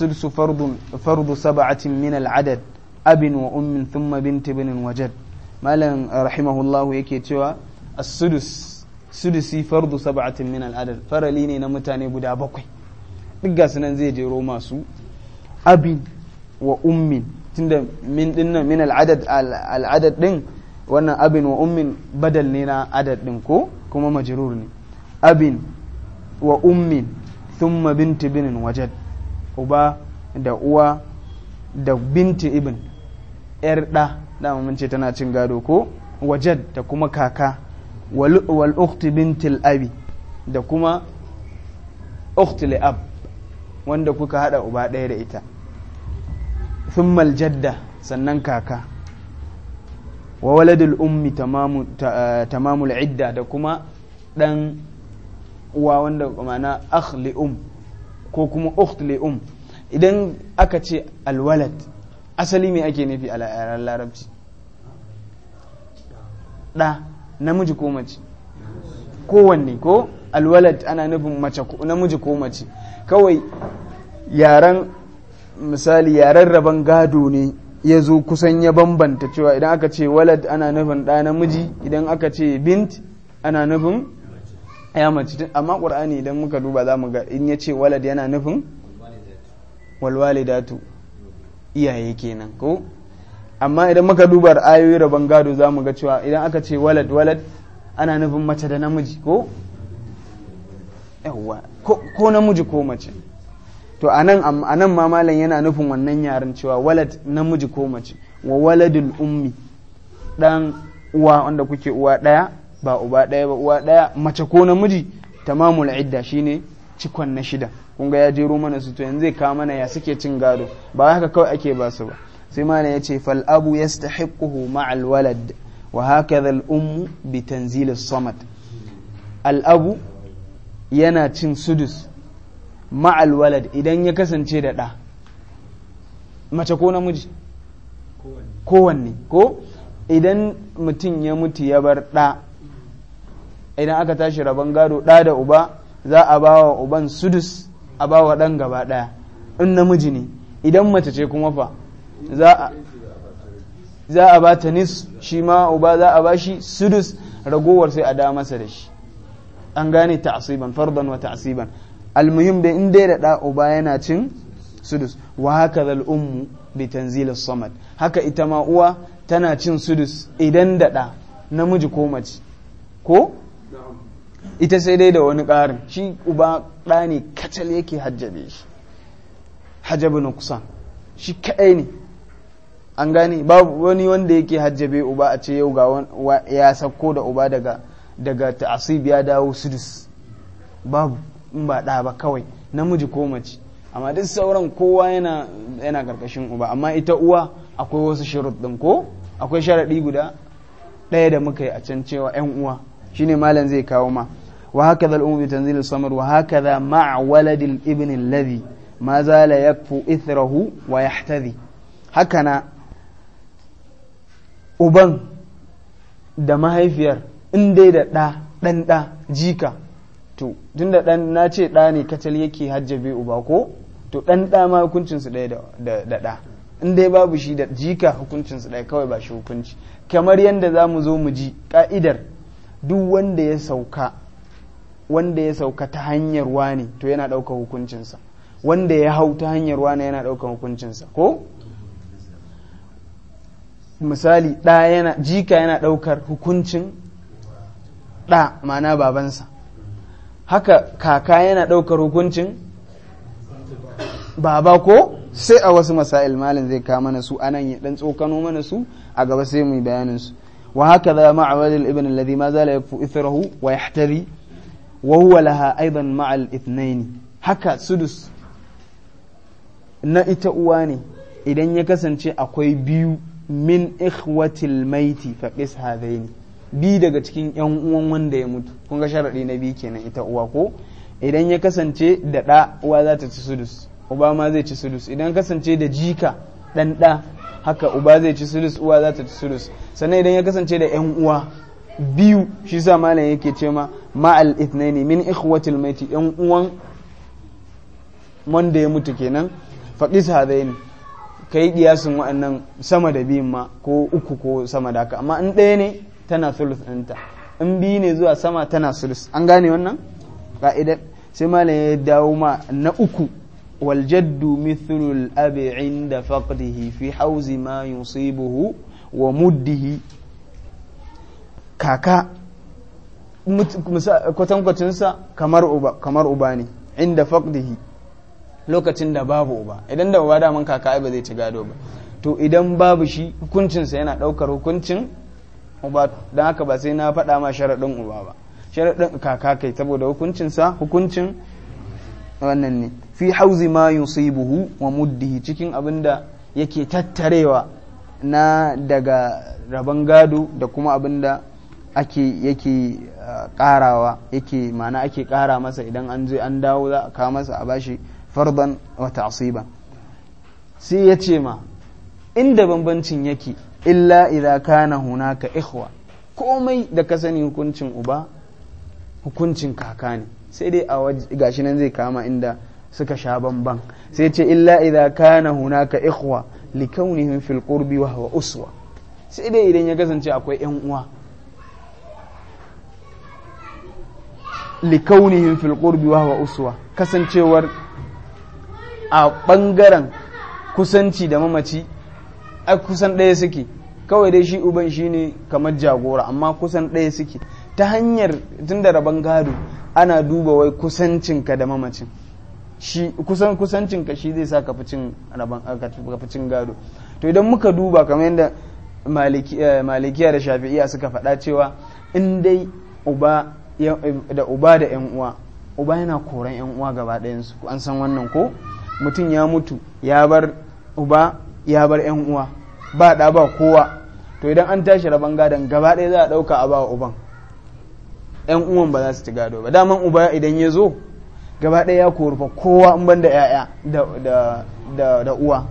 السدس فرض فرض سبعة من العدد أب وأم ثم بنت بن وجد مالا رحمه الله يكي تيوا السدس سدسي فرض سبعة من العدد فرليني نمتاني بدا بقي دقا سنان زي جيرو أب وأم تند من دن من العدد العدد دن وانا أب وأم بدل لنا عدد دن كو كما مجرورني أب وأم ثم بنت بن وجد uba da uwa da binti ibn yar da dama mun ce tana cin gado ko wajad da kuma kaka wal ukhti bintil abi da kuma ukhti li ab wanda kuka hada uba ɗaya da ita thummal jadda sannan kaka wa waladul ummi tamamu eh, tamamul idda da kuma dan uwa wanda ma'ana akhli um ko kuma ukht li um idan aka ce alwalad asali me ake nufi a yaran larabci da namiji ko mace kowanne ko alwalad ana nufin mace namiji ko mace kawai yaran misali yaran rabon gado ne ya zo kusan ya bambanta cewa idan aka ce walad ana nufin ɗa namiji idan aka ce bint ana nufin ya mace amma qur'ani idan muka duba za mu ga in ya ce walad yana nufin walwalidatu iyaye kenan ko amma idan muka duba ayoyi rabon gado za mu ga cewa idan aka ce walad walad ana nufin mace da namiji ko yawwa ko namiji ko mace to anan nan ma malam yana nufin wannan yaren cewa walad namiji ko mace wa waladul ummi dan uwa wanda kuke uwa daya ba uba ɗaya ba uwa ɗaya mace ko namiji tamamul idda shine cikon na shida kun ga ya jero mana su to yanzu zai kawo mana ya suke cin gado ba haka kawai ake ba su ba sai mana ce fal abu yastahiquhu ma'al walad wa hakadha al ummu bi tanzil samad al abu yana cin sudus ma'al walad idan ya kasance da ɗa mace ko namiji kowanne ko idan mutum ya mutu ya bar ɗa idan aka tashi rabon gado ɗa da uba za a ba wa uban sudus a ba wa ɗan gaba ɗaya in namiji ne idan mace ce kuma fa za a ba ta nis shi ma uba za a ba shi sudus ragowar sai a da masa da shi an gane ta'asiban fardan wa ta'asiban almuhim da in dai da da uba yana cin sudus wa haka zal ummu bi tanzil samad haka ita ma uwa tana cin sudus idan da da namiji ko mace ko ita sai dai da wani ƙarin shi uba ɗa ne kacal yake hajjabe shi hajjabe na kusa shi kaɗai ne an gane babu wani wanda yake hajjabe uba a ce yau ga ya sako da uba daga daga ta'asib ya dawo sudus babu in ba ɗa ba kawai namiji ko mace amma duk sauran kowa yana yana karkashin uba amma ita uwa akwai wasu shirut ɗin ko akwai sharaɗi guda ɗaya da muka yi a can cewa 'yan uwa shine malam zai kawo ma wa hakaza al ummi tanzil samar wa hakaza ma'a waladil al ibn alladhi ma zala yakfu ithrahu wa yahtadhi hakana uban da mahaifiyar in dai da ɗa ɗan ɗa jika to tunda ɗan na ce ɗa ne kacal yake hajjabe uba ko to ɗan ɗa ma hukuncinsu ɗaya da ɗa in dai babu shi da jika hukuncinsu ɗaya kawai ba shi hukunci kamar yadda za mu zo mu ji ƙa'idar duk wanda ya sauka wanda ya sauka ta hanyar wani to yana ɗaukar hukuncinsa wanda ya hau ta hanyar wani yana ɗaukar hukuncinsa ko misali ɗa yana jika yana ɗaukar hukuncin ɗa ma'ana babansa haka kaka yana ɗaukar hukuncin baba ko sai a wasu masail malin zai kama mana su anan ya ɗan tsokano mana su a gaba sai mu yi bayanin su وهكذا مع ولي الابن الذي ما زال يكفو إثره wa وهو لها أيضا مع الاثنين haka sudus na ita uwa ne idan ya kasance akwai biyu min ikhwatil maiti faqis hadaini bi daga cikin yan uwan wanda ya mutu kun ga sharadi na biyu kenan ita uwa ko idan ya kasance da ɗa uwa za ci sudus uba ma zai ci sudus idan kasance da jika ɗan ɗa haka uba zai ci sulus uwa za ta ci sulus sannan idan ya kasance da yan uwa biyu shi sa malam yake ce ma ma'al ithnaini min ikhwatil maiti yan uwan wanda ya mutu kenan ne ka yi kiyasin wa'annan sama da biyun ma ko uku ko sama da haka amma in ɗaya ne tana sulus ɗinta in biyu ne zuwa sama tana sulus an gane wannan ka'idar sai malam ya dawo ma na uku والجد مثل الأب عند فقده في حوز ما يصيبه ومده كاكا kwatankwacinsa kamar uba kamar uba ne inda faqdihi lokacin da babu uba idan da uba daman kaka ai ba zai ci ba to idan babu shi hukuncinsa yana daukar hukuncin uba don haka ba sai na faɗa ma sharaɗin uba ba sharaɗin kaka kai saboda hukuncinsa hukuncin wannan ne fi hauzi ma yusibuhu wa muddihi cikin abin da yake tattarewa na daga rabon gado da kuma abin da ake yake karawa uh, yake mana ake kara masa idan an je an dawo za a kawo masa a bashi fardan wa ta'siban sai yace ma inda bambancin yake illa idza kana hunaka ikhwa komai da ka sani hukuncin uba hukuncin kaka ne sai dai a gashi nan zai kama inda suka sha bamban sai ce illa idza kana hunaka ikhwa likaunihim fil qurbi wa huwa uswa sai dai idan ya kasance akwai yan uwa likaunihim fil qurbi wa huwa uswa kasancewar a bangaren kusanci da mamaci a kusan ɗaya suke kawai dai shi uban shine kamar jagora amma kusan ɗaya suke ta hanyar tun da rabon gado ana duba wai kusancinka da mamacin shi kusan kusancin ka shi zai sa ka cin rabon ka gado to idan muka duba kamar yadda eh, malikiya da shafi'iya suka faɗa cewa in dai uba eh, da uba da yan uwa uba yana koran yan uwa gaba an san wannan ko mutum ya mutu ya bar uba ya bar yan uwa ba da ba kowa to idan an tashi rabon gadon gaba ɗaya za a ɗauka a ba uban yan uwan ba za su ci gado ba daman uba idan ya zo gaba ɗaya ya korufa kowa in ban da yaya da uwa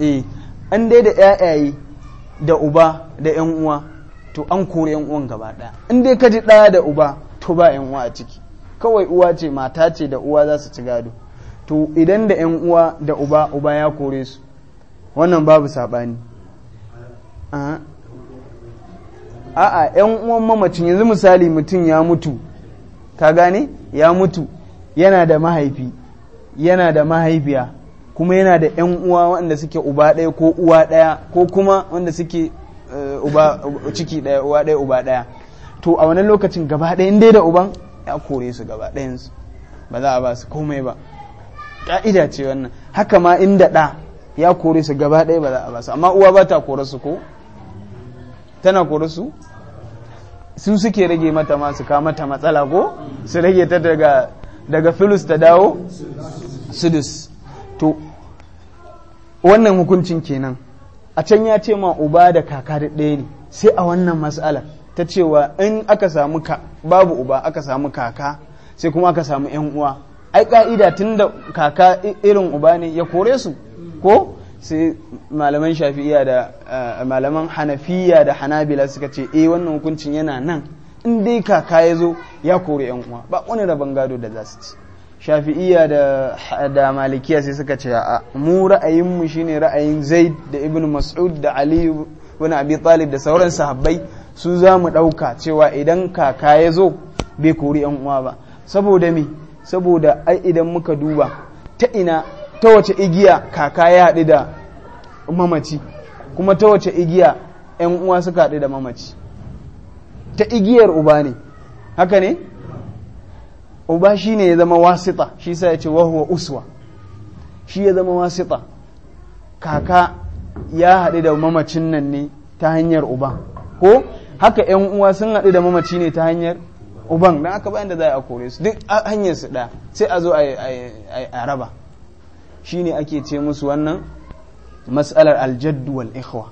eh an dai da yayaye da uba da yan uwa to an kori yan uwan gaba ɗaya in dai ka ji ɗaya da uba to ba yan uwa a ciki kawai uwa ce mata ce da uwa za su ci gado to idan da yan uwa da uba uba ya kore su wannan babu saɓani a'a yan uwan mamacin yanzu misali mutum ya mutu ka gane ya mutu yana da mahaifi yana da mahaifiya kuma yana da 'yan uwa wanda suke uba ɗaya ko uwa ɗaya ko kuma wanda suke eh, ciki ɗaya uwa ɗaya uba ɗaya to a wannan lokacin gaba ɗaya dai da uban ya kore su gaba ɗayansu ba za a ba su komai ba ƙa'ida ce wannan haka ma inda ɗa ya kore su gaba ɗaya ba za a ba su amma uwa ba ta kore su ko tana kore su su suke rage mata masu kawo matsala ko su rage ta daga daga filus ta dawo sudus to wannan hukuncin kenan a can ya ce ma uba da kaka da ɗaya ne sai a wannan matsala ta cewa in aka samu ka babu uba aka samu kaka sai kuma aka samu yan uwa ai ka'ida tun da kaka irin uba ne ya kore su ko sai malaman shafi'iya da eh, malaman hanafiya da hanabila suka ce eh wannan hukuncin yana nan in dai kaka ya zo ya kori yan uwa ba wani rabon gado da za su ci shafi'iya da malikiya sai suka ce a mu ra'ayinmu shine ra'ayin zaid da ibn mas'ud da ali wani abi talib da sauran sahabbai su za mu ɗauka cewa idan kaka ya zo bai kori yan uwa ba saboda me saboda ai idan muka duba ta ina ta wace igiya kaka ya haɗu da mamaci kuma ta wace igiya 'yan uwa suka haɗu da mamaci ta igiyar uba ne haka ne uba shi ne ya zama wasita shi sa ya ce wahuwa uswa shi ya zama wasita kaka ya haɗu da mamacin nan ne ta hanyar uba ko haka 'yan uwa sun haɗu da mamaci ne ta hanyar uban don aka bayan da za a kore su duk hanyar su ɗaya sai a zo a raba ne ake ce musu wannan matsalar aljaddu wal ikhwa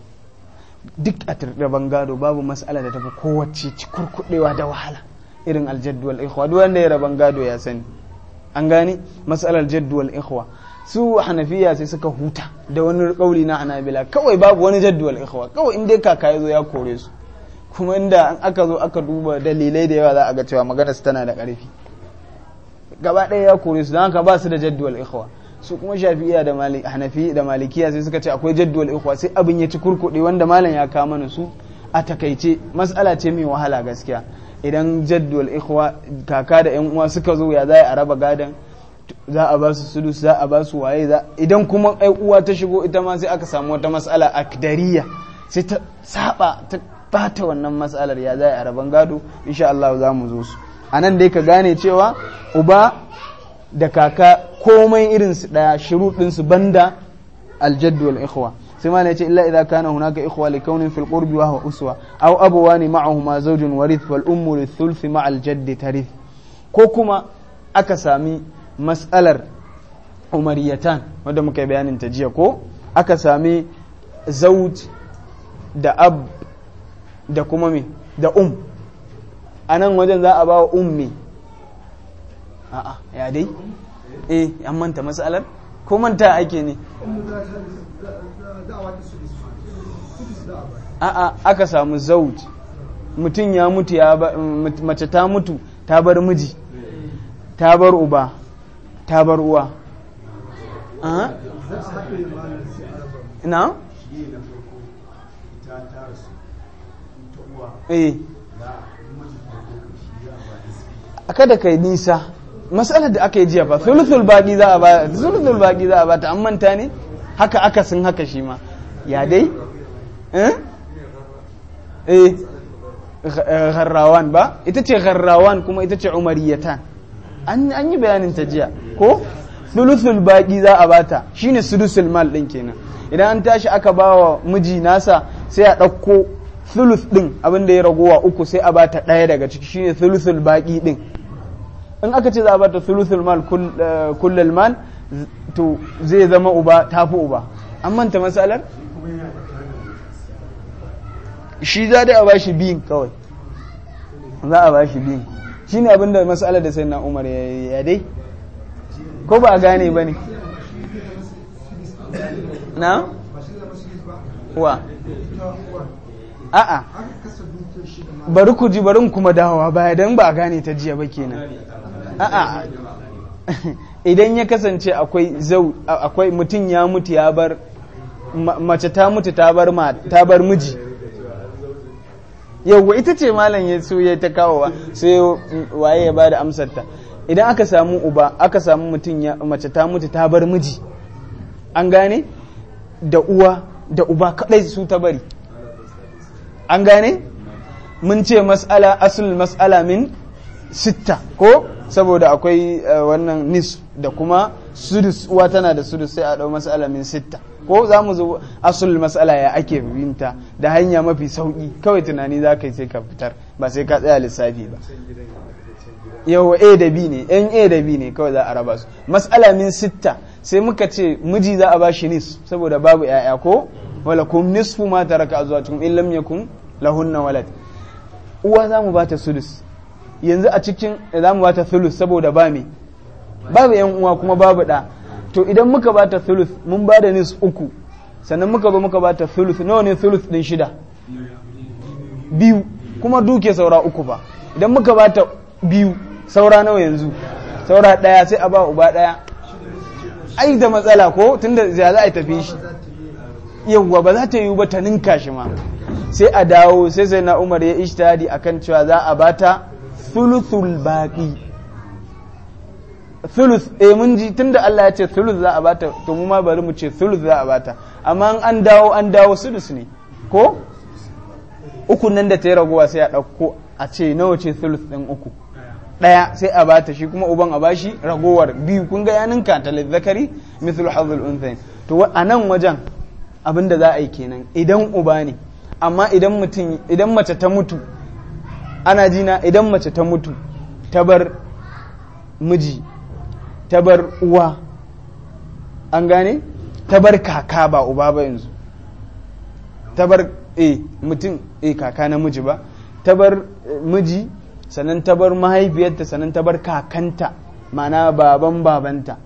duk a tarɗaban gado babu mas'ala da tafi kowace cikurkuɗewa da wahala irin aljaddu wal ikhwa duk wanda ya raban gado ya sani an gani matsalar jaddu wal ikhwa su hanafiya sai suka huta da wani kauli na hanabila kawai babu wani jaddu wal ikhwa kawai inda dai kaka ya zo ya kore su kuma inda aka zo aka duba dalilai da yawa za a ga cewa maganar su tana da ƙarfi gaba ɗaya ya kore su don haka ba su da jaddu wal ikhwa su kuma shafi'iya da hanafi da malikiya sai suka ce akwai jadwal ikhwa sai abin ya ci kurkuɗe wanda malam ya kawo mana su a takaice mas'ala ce mai wahala gaskiya idan jadwal ikhwa kaka da yan uwa suka zo ya za a raba gadan za a ba su sudus za a ba su waye idan kuma ai uwa ta shigo ita ma sai aka samu wata mas'ala akdariya sai ta saba ta bata wannan mas'alar ya za a raban gado insha'Allah Allah za mu zo su anan dai ka gane cewa uba da kaka komai irin su daya shuruɗin su banda aljaddu wal ikhwa sai ma ce illa idza kana hunaka ikhwa li kaunin fil qurbi wa uswa aw abawani ma'ahuma zawjun warith wal ummu lithulth ma'a aljadd tarith ko kuma aka sami mas'alar umariyatan wanda muka bayanin ta jiya ko aka sami zawj da ab da kuma me da um anan wajen za a ba wa ummi a'a ya dai eh an manta matsalar ko manta ake ne a'a aka samu zauj mutum ya mutu ya mm, mace ta mutu ta bar miji ta bar uba ta bar uwa na? Eh. kada ka yi nisa masalar da aka yi jiya a ba sulusul baki za a ba ta an manta ne haka aka sun haka shi ma ya dai eh, eh ba ita ce gharrawan kuma ita ce umariyata an yi bayanin ta jiya ko sulusul baƙi za a bata shine sulusul mal ɗin kenan idan an tashi aka bawa miji nasa sai a ɗauko sulus ɗin abinda da ya ragowa uku sai a bata ɗaya daga ciki shine sulusul baƙi ɗin. in aka ce za a bata sulusul mal eh, kullal mal to zai zama uba tafi uba an manta matsalar shi za da a bashi biyin kawai za a bashi biyin shi ne abinda matsalar da sai na umar ya dai ko ba a gane ba ne na? wa a'a bari ku ji barin kuma dawowa ya don ba a gane ta jiya ba kenan a'a idan ya kasance akwai zau akwai mutum ya mutu ya bar mace ta mutu ta bar ma ta bar miji yauwa ita ce malam ya so ya ta kawowa sai waye ya bada amsar ta idan aka samu uba aka samu mutum ya mace ta mutu ta bar miji an gane da uwa da uba kadai su ta bari an gane mun ce mas'ala asul mas'ala min sitta ko saboda akwai eh, wannan nis da kuma sudus uwa tana da sudus sai a dau mas'ala min sitta ko za mu zo asul mas'ala ya ake binta da hanya mafi sauki kawai tunani za ka yi sai ka fitar ba sai ka tsaya lissafi ba yau a da b ne yan a da b ne kawai za a raba su mas'ala min sitta sai muka ce miji za a bashi nis saboda babu yaya ko wala kum nisfu ma taraka zuwa in lam yakun lahunna walad uwa za mu bata sudus yanzu a cikin eh, za mu ta thuluth saboda ba me babu yan uwa kuma babu da to idan muka ba ta thuluth mun ba da nis uku sannan muka ba muka ba ta thuluth nawa ne thuluth din shida biyu kuma duke saura uku ba idan muka ba ta biyu saura nawa yanzu saura daya sai a ba uba daya ai da matsala ko tun da za a tafi shi yawwa ba za ta yi ba ta ninka shi ma sai a dawo sai sai na umar ya a akan cewa za a bata thuluthul baqi thuluth eh mun ji tunda Allah ya ce thuluth za a bata to mu ma bari mu ce thuluth za a bata amma an dawo an dawo sudus ne ko uku nan da ta yi ragowa sai a ɗauko a ce nawa ce thuluth ɗin uku ɗaya sai a bata shi kuma uban a bashi ragowar biyu kun ga yanin ka ta zakari mithlu hadhul unthayn to a nan wajen abinda za a yi kenan idan uba ne amma idan mutum idan mace ta mutu ana jina idan mace ta mutu ta bar miji ta bar uwa an gane ta bar kaka ba uba ba yanzu ta bar e mutum e kaka na miji ba ta bar eh, miji sannan ta bar mahaifiyarta sannan ta bar kakanta mana baban babanta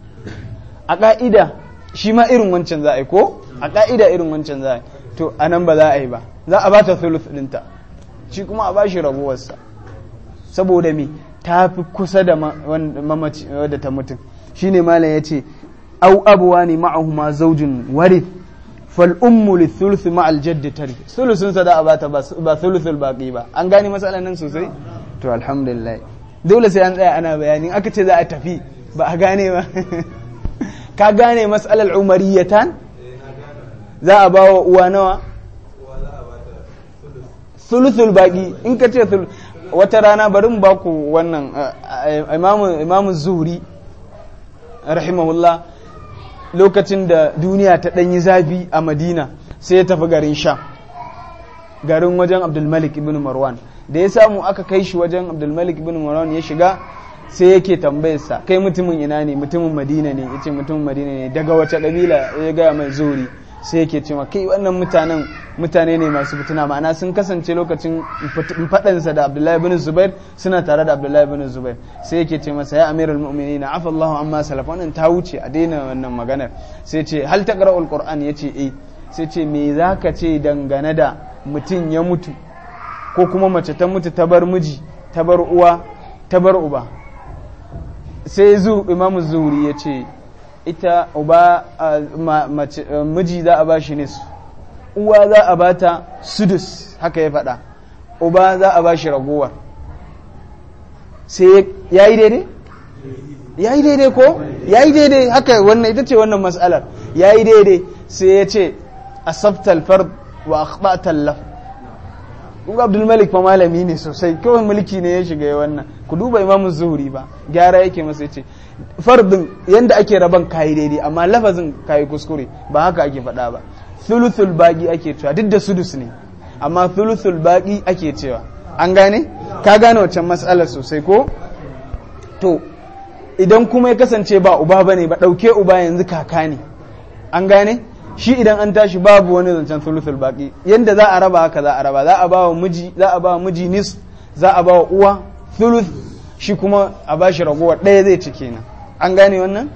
a ka'ida shi ma irin wancan za a yi ko a ka'ida irin wancan za a yi to anan ba za a yi ba za a ba ta thuluth ɗinta shi kuma a bashi rabuwarsa saboda me ta fi kusa da mamaci da ta mutum shine malam yace au abuwa ne ma'ahuma zaujin wari fal li ma jaddi tari thuluthun sa da a ba thuluthul baƙi ba an gane matsalan nan sosai to alhamdulillah dole sai an tsaya ana bayani aka ce za a tafi ba a gane ba ka gane matsalar umariyatan za a ba wa uwa nawa sulusul baki in ka ce wata rana bari mu baku wannan imamu zuri rahimahullah lokacin da duniya ta ɗanyi zafi a madina sai ya tafi garin sha garin wajen abdulmalik ibn marwan da ya samu aka kai shi wajen abdulmalik ibn marwan ya shiga sai yake tambayarsa kai mutumin ina ne mutumin madina ne ya ce mutumin madina ne daga wace ƙabila ya gaya mai zuri sai yake cewa kai wannan mutanen mutane ne masu fitina ma'ana sun kasance lokacin faɗansa da abdullahi bin zubair suna tare da abdullahi bin zubair sai yake ce masa ya amirul mu'minin afa allahu amma salaf wannan ta wuce a daina wannan maganar sai ce hal taqra'ul qur'an yace eh sai ce me zaka ce dangane da mutum ya mutu ko kuma mace ta mutu ta bar miji ta bar uwa ta bar uba sai zu imamu zuri yace ita uba miji za a ba bashi nis uwa za a ba ta sudus haka ya faɗa uba za a shi ragowar sai ya yi daidai ya yi daidai ko ya yi daidai haka wannan ita ce wannan masalar ya yi daidai sai ya ce saftal fard wa akhbatal laf Uga Abdul Malik fa malami ne sosai kawai mulki ne ya shiga wannan ku duba Imam Zuhri ba gyara yake masa yace fardin yadda ake rabon kayi daidai amma lafazin kayi kuskure ba haka ake faɗa ba thuluthul baki ake cewa duk da sudus ne amma thuluthul baki ake cewa an gane ka gane wancan matsalar sosai ko to idan kuma ya kasance ba uba bane ba ɗauke uba yanzu kaka ne an gane shi idan an tashi babu wani zancen thuluthul baki yadda za a raba haka za a raba za a bawa miji za nis za a ba uwa thuluth shi kuma a bashi ragowa ɗaya zai ci kenan an gane wannan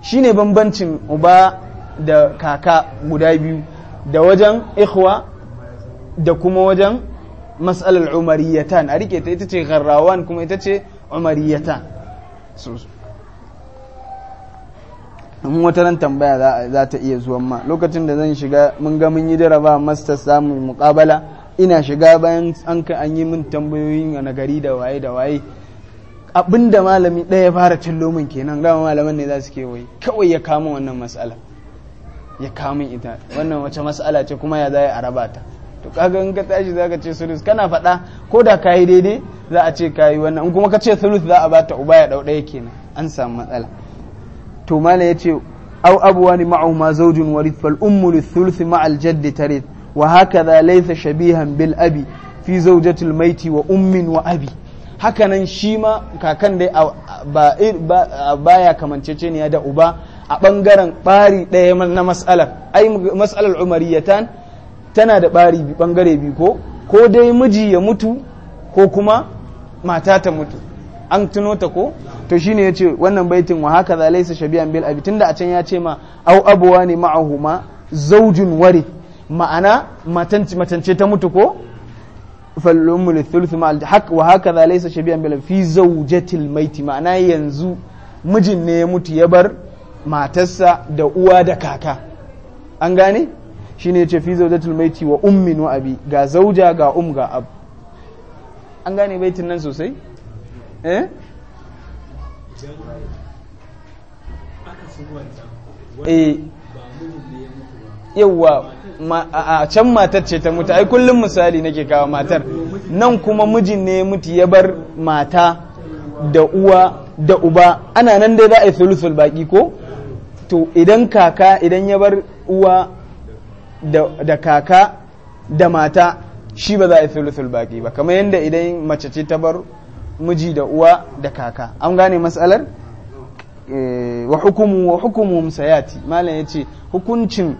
shine bambancin uba da kaka guda biyu da wajen ikhwa da kuma wajen matsalar umariyatan a rike ta ita ce gharrawan kuma ita ce umariyatan in wata ran tambaya za ta iya zuwan ma lokacin da zan shiga mun ga mun yi jaraba masta samun mukabala ina shiga bayan an ka an yi min tambayoyin a nagari da waye da waye abinda malami ɗaya ya fara cin min kenan dama malaman ne za su ke wai kawai ya kama wannan matsala ya kama ita wannan wace matsala ce kuma ya za a raba ta to kaga in ka tashi za ka ce sulus kana faɗa ko da kayi daidai za a ce kayi wannan in kuma ka ce sulus za a ba ta uba ya ɗau ɗaya kenan an samu matsala to mala yace aw ma'au ma zaujin warith fal ummu lithuluth ma'al jaddi tarith wa haka za laisa shabihan bil abi fi zaujatul maiti wa ummin wa abi hakanan shi ma kakan dai baya kamanceceniya da uba a ɓangaren bari ɗaya na mas'alar ai mas'alar umariyatan tana da ɓari ɓangare biyu ko ko dai miji ya mutu ko kuma mata ta mutu an tuno ta ko to shi shine yace wannan baitin wa haka zalaisa shabiyan bil abi tunda a can ya ce ma au abuwa ne ma'ahuma zaujin wari ma'ana matance ta mutu ko فالأم للثلث مع الحق وهكذا ليس شبيها بلا في زوجة الميت معناه ينزو mijin ne ya mutu ya bar matarsa da uwa da kaka an gane shi ne ce fi zaujatul wa ummin abi ga zauja ga um ga ab an gane baitin nan sosai eh a can matar ce ta mutu ai kullum misali nake kawo matar nan kuma mijin ne mutu ya bar mata da uwa da uba ana nan dai za a yi sulusul baki ko to idan kaka idan ya bar uwa da kaka da mata shi ba za a yi sulusul baki ba kamar yadda idan mace ce ta bar miji da uwa da kaka an gane matsalar Eh, wa hukumu wa hukumu sayati malam ya ce hukuncin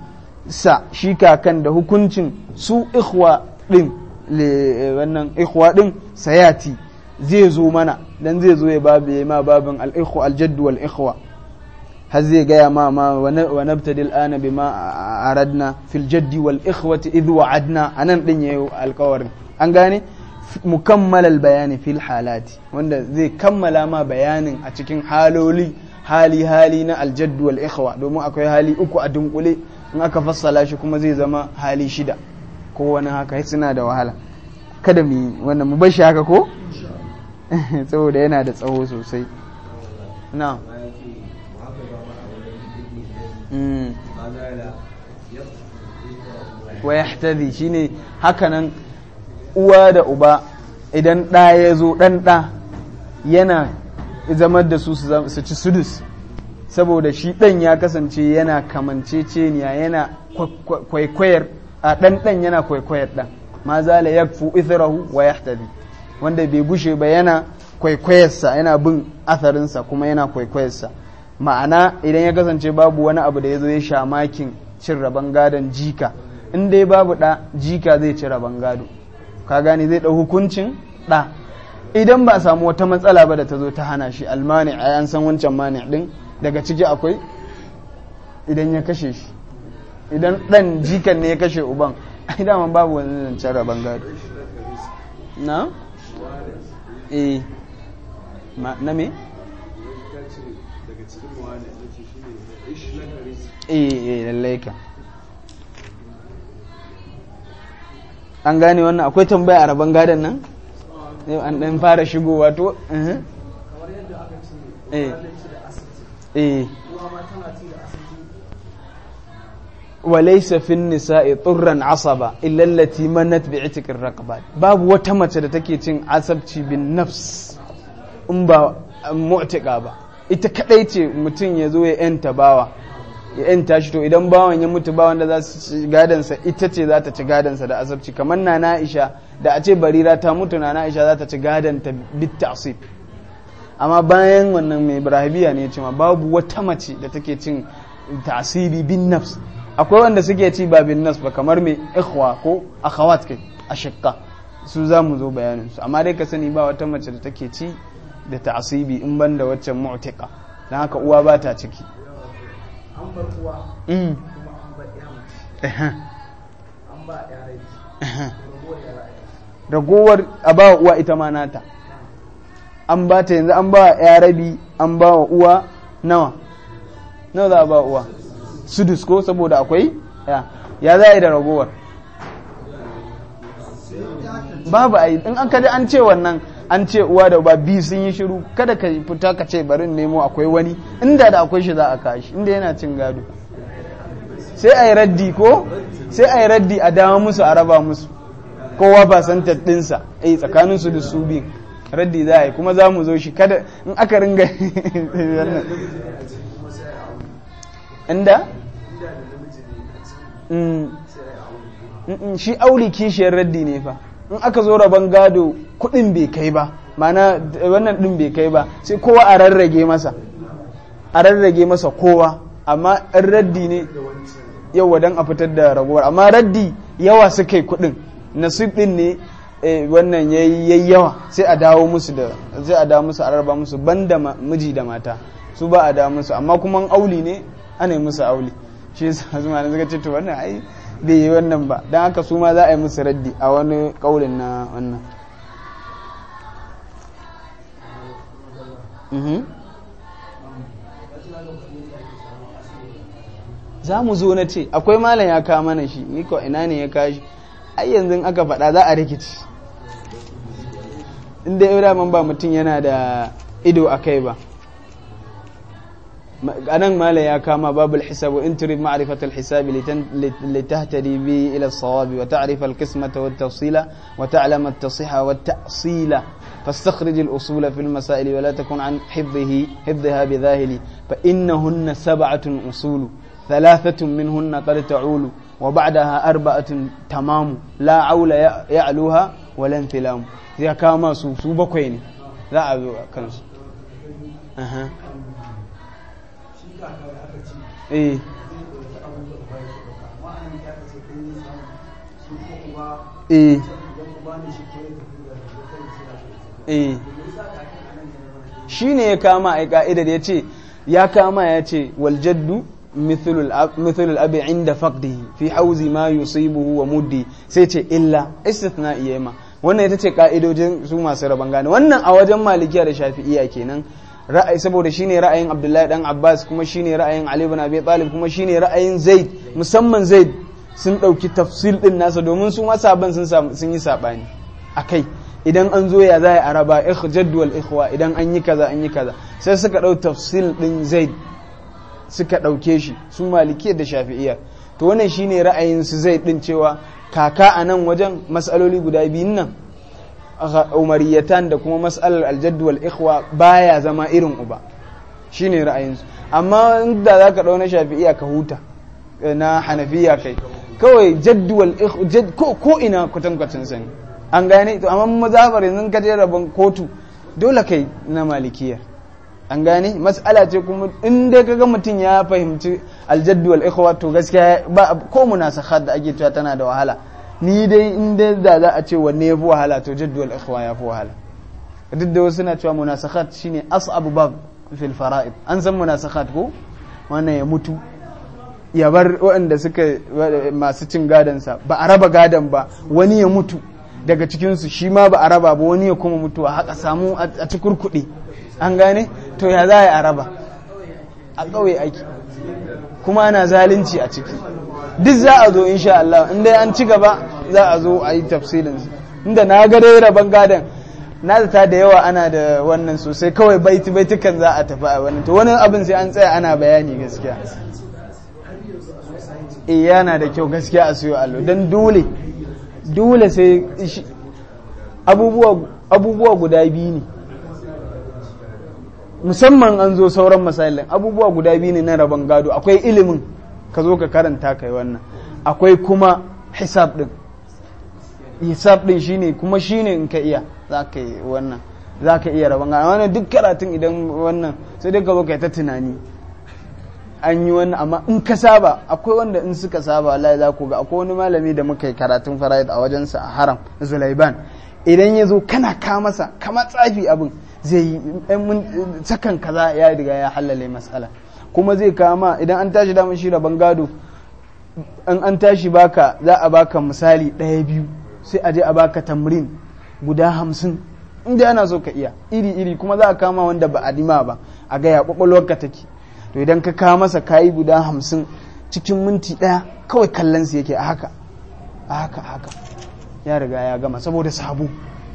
sa shi kakan da hukuncin su ikhwa din eh, wannan ikhwa din sayati zai zo mana dan zai zo ya babu ya ma babin al-ikhwa al-jadd wal ikhwa har zai gaya ma ma wa nabtadi al-ana bima aradna fil jadd wal ikhwati idh wa'adna anan din yayi alkawarin. an gane mukammal al-bayani fil halati wanda zai kammala ma bayanin a cikin haloli hali hali na aljaddu wal ikhwa domin akwai hali uku a dunkule in aka fassala shi kuma zai zama hali shida ko wani haka suna da wahala kada mu wannan mu bar shi haka ko saboda yana da tsawo sosai na hmm. wa yahtadi shine hakanan uwa da uba idan ɗa ya zo ɗan ɗa yana zama da su su ci sudus saboda shi ɗan ya kasance yana kamanceceniya yana kwaikwayar a ɗan yana kwaikwayar ɗan ma zala ya fu ithrahu wa yahtabi wanda bai gushe ba yana kwaikwayarsa yana bin atharinsa kuma yana kwaikwayarsa ma'ana idan ya kasance babu wani abu da ya zo ya shamakin cin raban gadon jika in dai babu ɗa jika zai ci raban gado ka gane zai ɗau hukuncin ɗa idan ba a samu wata matsala ba da ta zo ta hana shi almani a yan san wancan mani din daga ciki akwai idan ya kashe shi idan dan jikan ne ya kashe uban ai dama babu wani zancen rabon gado na? eh na me? e e lallai an gane wannan akwai tambaya a rabon gadon nan? yau an ɗan fara shigowa to Walai eh. yadda aka eh. walaisa eh. fin nisa'i turran asaba ilallati manat bi itikin raqabat babu wata mace da take cin asabci bin nafs in ba mu'tika ba ita kadai ce mutum ya zo ya yanta bawa yan tashi to idan bawan ya mutu ba wanda za su ci gadansa ita ce za ta ci gadansa da asabci kamar na na'isha da a ce barira ta mutu na na'isha za ta ci gadanta bit ta'sib amma bayan wannan mai ibrahimiya ne ce ma babu wata mace da take cin tasiri bin nafs akwai wanda suke ci ba bin nafs ba kamar mai ikhwa ko akhawat kai shakka su za mu zo bayaninsu su amma dai ka sani ba wata mace da take ci da ta'sibi in banda waccan mu'tiqa dan haka uwa ba ta ciki an bar uwa mm. kuma an bar ya an ba ya ragowar a ba uwa ita ma nata an ba ta yanzu an ba ya rabi an ba wa uwa nawa nawa za a ba uwa sudus ko saboda akwai ya ya za a yi da ragowar babu a yi in an kaji an ce wannan an ce uwa da uba biyu sun yi shiru kada ka fita ka ce barin nemo akwai wani inda da akwai shi za a kashi inda yana cin gado sai a yi raddi ko sai a yi raddi a dama musu a raba musu kowa ba san taɗinsa eh tsakanin su da su biyu raddi za a yi kuma za mu zo shi kada in aka ringa inda mm. shi aure kishiyar raddi ne fa in aka zo rabon gado kuɗin bai kai ba mana wannan ɗin bai kai ba sai kowa a rarrage masa a rarrage masa kowa amma in raddi ne yau wadan a fitar da ragowar amma raddi yawa suka yi kuɗin nasib ɗin ne eh, wannan yayi yawa sai a dawo musu da sai a dawo musu a rarraba musu banda miji da mata su ba a dawo musu amma kuma auli ne ana yi musu auli shi yasa zuma ne suka ce to wannan ai bai yi wannan ba don haka su ma za a yi musu raddi a wani ƙaunin na wannan mhm. za mu zo na ce akwai malam ya kawo mana shi niko ina ne ya kawo shi ai yanzu aka faɗa za a rikici inda yau daman ba mutum yana da ido a kai ba أنا ما يا كما باب الحساب وإن تريد معرفة الحساب لتن... لتهتدي به إلى الصواب وتعرف القسمة والتفصيل وتعلم التصحة والتأصيلة فاستخرج الأصول في المسائل ولا تكن عن حفظه حفظها بذاهلي فإنهن سبعة أصول ثلاثة منهن قد تعول وبعدها أربعة تمام لا عول يعلوها ولا انثلام إذا كما سوبكين لا أبدو أكنس أها Eh. Eh. Eh. shi ne ya kama a ka'idar ya ce ya kama ya ce waljaddu mithlul abi inda faqdihi fi hauzi ma yusibuhu wa muddi sai ce illa istithna ma wannan ita ce ka'idojin su masu rabon gane wannan a wajen malikiya da shafi'iya kenan ra'ayi saboda shine ra'ayin Abdullahi dan Abbas kuma shine ra'ayin Ali ibn Abi Talib kuma shine ra'ayin Zaid musamman Zaid sun dauki tafsil din nasa domin su masaban sun sun yi sabani akai idan an zo ya zaya araba raba ikhjad wal ikhwa idan an yi kaza an yi kaza sai suka dau tafsil din Zaid suka dauke shi su Maliki da Shafi'iyya to wannan shine ra'ayin su Zaid din cewa kaka a nan wajen mas'aloli guda biyun nan umariyatan da kuma mas'alar aljaduwar ikhwa baya zama irin uba shine ra'ayinsu amma inda za ka na shafi'iya ka huta eh, na hanafiya kai kawai jadduwal ko ina kwatankwacin sani an gane to amma mazabar yanzu ka je rabon kotu dole kai na malikiya an gane mas'ala ce kuma in dai ga mutum ya fahimci aljadduwal ikhwa to gaskiya ba ko munasakhat da ake cewa tana da wahala ni dai inda da za a ce wanne ya fi wahala to jaddawal ikhwa ya fi wahala duk da wasu na cewa munasakat shine as'abu bab fil fara'id an san munasakat ko wannan ya mutu ya bar waɗanda suka masu cin sa ba a raba gadon ba wani ya mutu daga cikinsu shi ma ba a raba ba wani ya kuma mutu a haka samu a cikurkuɗe an gane to ya za a raba a ƙauye aiki kuma ana zalunci a ciki duk za a zo insha Allah in dai an ci gaba za a zo a yi tafsirin inda na ga dai rabon gadon na zata da yawa ana da wannan sosai kawai baiti baitukan za a tafi a wannan to wani abin sai an tsaya ana bayani gaskiya eh yana da kyau gaskiya a siyo allo dan dole dole sai abubuwa guda biyu ne musamman an zo sauran misalin abubuwa guda biyu ne na rabon gado akwai ilimin ka zo ka karanta kai wannan akwai kuma hisab din hisab din shine kuma shine in ka iya ka yi wannan ka iya rabon gana wannan duk karatun idan wannan sai dai ka zo ta tunani an yi wannan amma in ka saba akwai wanda in suka saba wallahi za ku ga akwai wani malami da muka yi karatun fara'id a wajensa a haram zulaiban idan ya zo kana ka masa kama tsafi abin zai yi sakan kaza ya riga ya halale matsala kuma zai kama idan an tashi damar shi rabon gado an an tashi baka za a baka misali ɗaya biyu sai a je a baka tamrin guda hamsin inda ana so ka iya iri iri kuma za a kama wanda ba a dima ba a ga ya ka take to idan ka kawo masa kayi guda hamsin cikin minti ɗaya kawai kallon su yake a haka a haka a haka ya riga ya gama saboda sabo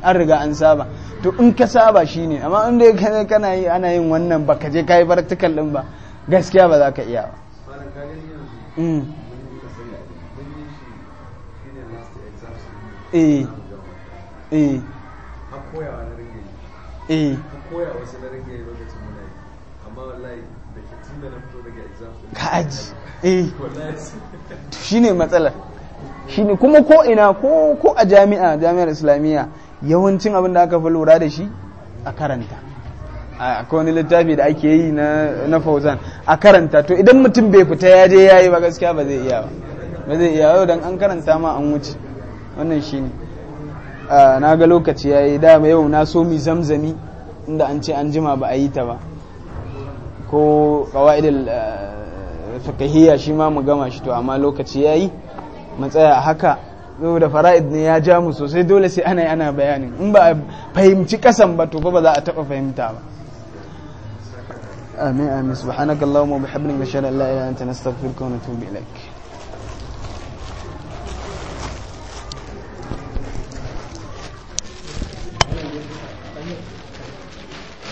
an riga an saba to in ka saba shi ne amma in dai kana yi ana yin wannan ba ka je kayi fartikal din ba gaskiya ba za ka iya ba hmm. eh eh a ringe eh a koya wasu na ringe lokacin muna amma wallahi da ke tun da na fito daga exam ka aji eh shine matsalar shine kuma ko ina ko ko a jami'a jami'ar islamiyya yawancin abin da aka fi lura da shi a karanta akwai wani littafi da ake yi na fauzan a karanta to idan mutum bai fita ya je ya yi ba gaskiya ba zai iya ba ba zai iya yau don an karanta ma an wuce wannan shi ne na ga lokaci ya yi dama yau na so mi zamzami inda an ce an jima ba a yi ta ba ko kawa'idil fakahiyya shi ma mu gama shi to amma lokaci ya yi matsaya haka da fara'id ne ya ja mu sosai dole sai ana yi ana bayanin in ba a fahimci kasan ba to ba za a taɓa fahimta ba amin amin subhanakallahumma bihamdika ashhadu an la ilaha illa anta nastaghfiruka wa natubu ilaik